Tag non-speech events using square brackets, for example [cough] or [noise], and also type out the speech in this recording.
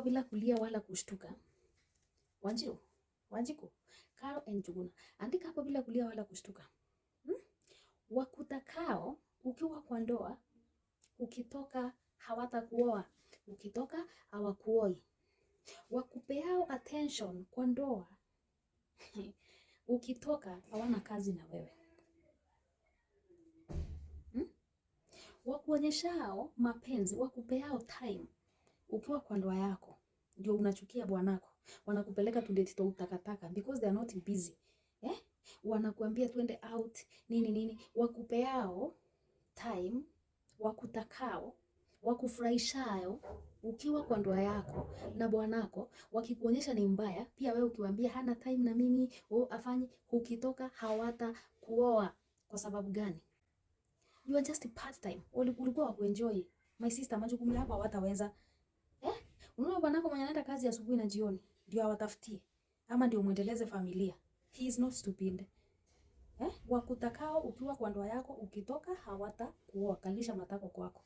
bila kulia wala kushtuka. Wanjiru, Wanjiku, Karo Njuguna. Andika hapo bila kulia wala kushtuka. Hmm? Wakutakao ukiwa kwa ndoa, ukitoka hawatakuoa, ukitoka hawakuoi. Wakupeao attention kwa ndoa, [laughs] ukitoka hawana kazi na wewe. Hmm? Wakuonyeshao mapenzi, wakupeao time ukiwa kwa ndoa yako ndio unachukia bwanako, wanakupeleka to date tu takataka because they are not busy eh? Wanakuambia twende out nini nini, wakupeao time wakutakao wakufurahishayo ukiwa kwa ndoa yako na bwanako, wakikuonyesha ni mbaya pia wewe ukiwaambia hana time na mimi oh, afanye ukitoka, hawata kuoa. Kwa sababu gani? You are just part time, ulikuwa wakuenjoy. My sister, majukumu yako hawataweza Unaona bwanako mwenye anaenda kazi asubuhi na jioni ndio awatafutie ama ndio muendeleze familia. He is not stupid. Eh? Wakutakao ukiwa kwa ndoa yako ukitoka hawatakuoa, kalisha matako kwako.